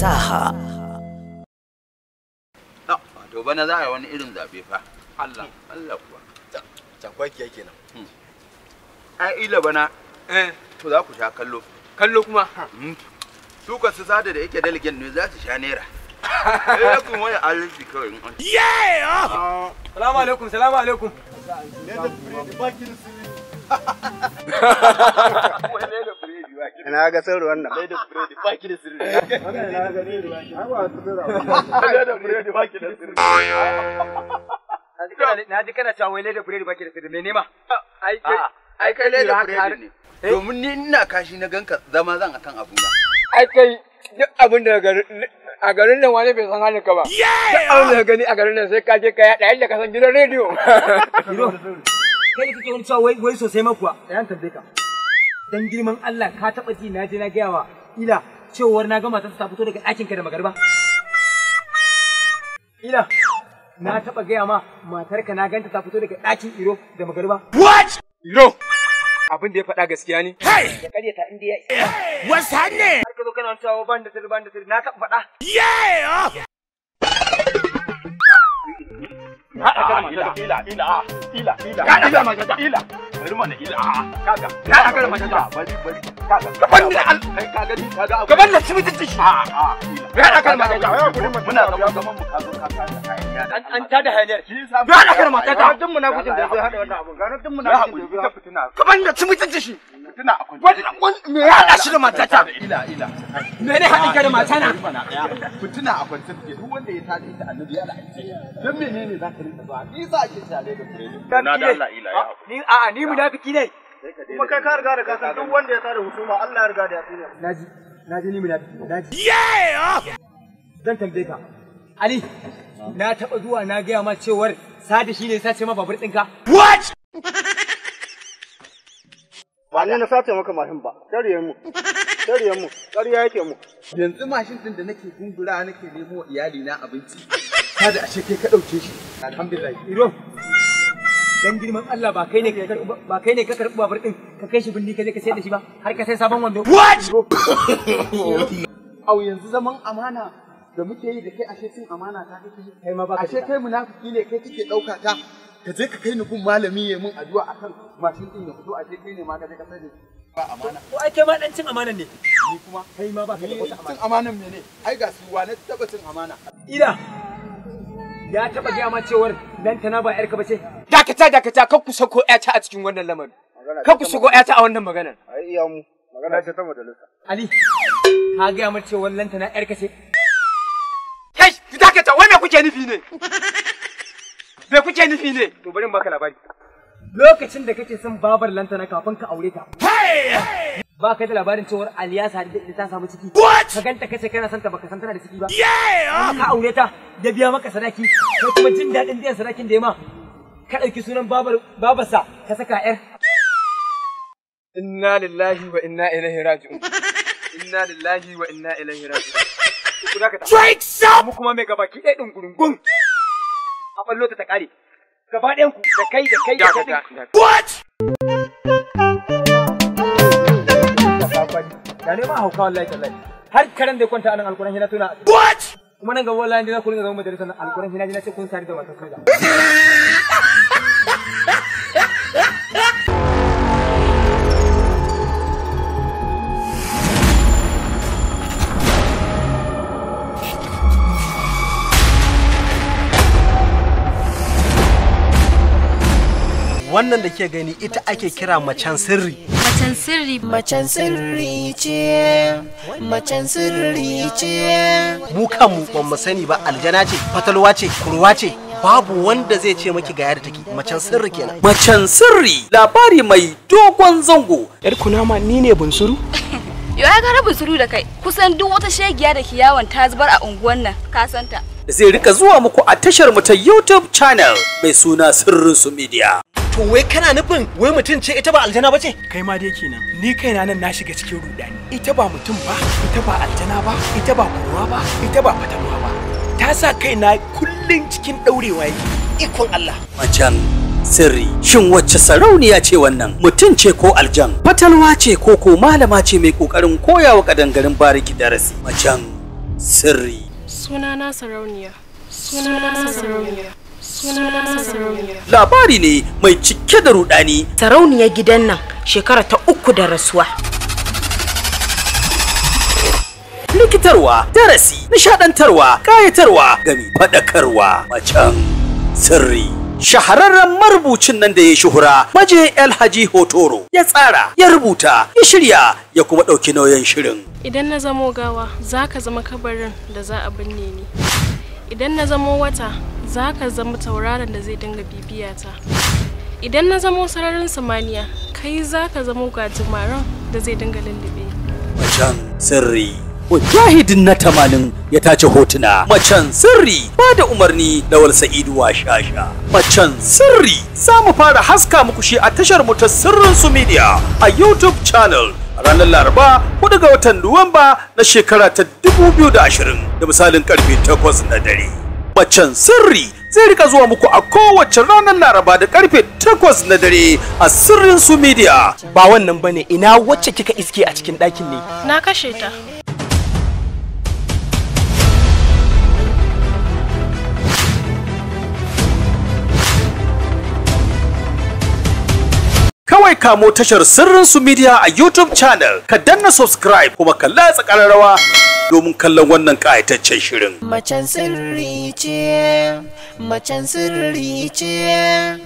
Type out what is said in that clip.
fasaha. To bana za a wani irin zabe fa. Allah, Allah kuwa. Cakwaki yake nan. Hmm. Ai ila bana. Eh. To za ku sha kallo. Kallo kuma? Su hmm. ka su sada da yake dalgen ne za su sha naira. Eh ku mai arziki kawai in an. Yeah! Ah! Ah. Salamu alaikum, salamu alaikum. Ne da fure da bakin su. ne. Ina ga sauri wannan. Bai da biredi ba ki da sirri. Wannan na ga ne ruwa. Ai ba su da. Bai da biredi ba ki da sirri. Na ji kana cewa wai da biredi ba ki da sirri me nema? Ah. Ai ai kai da biredi ne. Eh? Domin ni ina kashi na ganka zama zan akan abuna. Ai kai duk abin da a garin nan wani bai san halin ka ba. Ta auna gani a garin nan sai ka je ka yaɗa yadda ka san gidan rediyo. Kai kake wani cewa wai sosai makuwa. Ɗayan tabbe ka. dan girman Allah ka taɓa ji na je na gaya wa ila cewar na ga matar ta fito daga ɗakinka da magarba. Ila na taɓa gaya ma matarka na ganta ta fito daga ɗakin Iro da magarba. What? Iro! Abin da ya faɗa gaskiya ne? Ya karya ta inda ya eh, wasu Har ka zo kana cewa ban da sirri ban da sirri na taɓa faɗa. Yeah! Ah! Ila, ila, ila, ila, ila, ila, ila, ila, ila, ila, ka da mata bari bari a ya aka da mata muna gaban gaban mu an ta da hanyar ya mata ta muna gudun da zai wannan abun muna gudun da da fitina akwai me ya shi da mata ta ila ila me ne hada ka da mata na fitina akwai take duk wanda ya annabi ya menene za ka rinka zuwa ni tare da na da Allah ila ya ni a'a ni ki dai. kuma kai ka riga da ka san duk wanda ya tada husuma Allah ya riga da ya tsine naji naji ni munafiki naji yeah zan tambaye ka Ali na taba zuwa na gaya ma cewar shi shine sace ma babur ɗinka what ba ne na sace maka mashin ba tariyan mu tariyan mu ƙarya yake mu yanzu mashin din da nake gungura nake nemo iyali na abinci kada a ce kai ka ɗauke shi alhamdulillah iro dan girman Allah ba kai ne ka ba kai ne ka karbi babar din ka kai shi binni ka je ka sayar da shi ba har ka sai sabon wando what au yanzu zaman amana da muke yi da kai ashe cin amana ta kake kai ma ba ashe kai munafiki ne kai kake dauka ta ka je ka kai ni gun malami ya mun addu'a akan mashin din ya fito ashe kai ne ma ka je ka sayar da shi ba amana ko ai kai ma dan cin amana ne ni kuma kai ma ba ka da wata amana cin amanan me ne ai ga su wane taba cin amana ila ya taba gaya ma cewar nan tana ba yarka bace dakata dakata ka ku sako yata a cikin wannan lamarin ka ku sako yata a wannan maganar ai iya mu magana ce ta majalisa ali ka gaya ma cewar nan tana yarka ce kai ki dakata wai me kuke nufi ne me kuke nufi ne to bari in baka labari lokacin da kake son babar lantana kafin ka aure ta ba kai da labarin cewar Aliyasa da ta samu ciki. Ka ganta kace kana santa baka san tana da ciki ba. Yeah! Ah! Ka aure ta da biya maka sadaki. ko kuma jin daɗin biyan sadakin da ya ma. Ka ɗauki sunan babar babarsa ka saka ƴar. Inna lillahi wa inna ilaihi raji'un. Inna lillahi wa inna ilaihi raji'un. Strikes up! Mu kuma mai gabaki ɗaya ɗungurungun. A ballo ta ta kare. Gaba ɗayan ku da kai da kai da kai. What? da ne ma hauka wallahi tallahi har karen da kwanta anan alkuran hina tuna what kuma nan ga wallahi na kullun zama majalisa nan alkuran hina na ce kun sari da wata soja Wannan da ke gani ita ake kira macen sirri. Macen sirri Macen sirri ce Macen sirri ce Mu kanmu ban sani ba aljana ce fatalwa ce kurwa ce babu wanda zai ce maki ga yadda take macen sirri kenan Macen sirri labari mai dogon zango Yar kunama ni ne bunsuru Yo ya ga bunsuru da kai kusan duk wata shegiya da kiyawan ta zubar a unguwan nan ka santa zai rika zuwa muku a tashar mu ta YouTube channel mai suna sirrin su Media. To wai kana nufin wai mutum ce ita ba aljana ba ce? Kai ma dai kenan. Ni kaina nan na shiga cikin rudani. Ita ba mutum ba, ita ba aljana ba, ita ba kurwa ba, ita ba fatalwa ba. Ta sa kaina kullum cikin daurewa yake. Ikon Allah. Majan sirri shin wacce sarauniya ce wannan mutum ce ko aljan fatalwa ce ko ko malama ce mai kokarin koyawa kadangarin bariki darasi majan sirri sunana sarauniya sunana sarauniya Labari ne mai cike da rudani. Sarauniyar gidan nan shekara ta uku da rasuwa. Likitarwa, darasi, nishadantarwa, kayatarwa, gami faɗakarwa, macen sirri. shahararren marubucin nan da ya shuhura maje alhaji hotoro ya tsara ya rubuta ya shirya ya kuma ɗauki nauyin shirin idan na zamo gawa za ka zama kabarin da za a binne ni idan na zamo wata za ka zama tauraron da zai dinga bibiya ta idan na zama sararin samaniya kai za ka zama gajimaren da zai dinga lullube macen sirri mujahidin na tamanin ya tace hotuna macen sirri ba da umarni lawal sa'idu wa shasha macen sirri za mu fara haska muku shi a tashar mu ta sirrin su media a youtube channel ranar laraba kudu ga watan nuwamba na shekara ta 2020 da misalin karfe 8 na dare tabbacin sirri zai rika zuwa muku a kowace ranar laraba da karfe 8 na dare a sirrin su media ba wannan bane ina wacce kika iske a cikin ɗakin ne na kashe ta kawai kamo tashar sirrin su media a youtube channel ka danna subscribe kuma kalla tsakanin rawa domin kallon wannan ƙayataccen shirin. Macen sirri ce, macen sirri ce.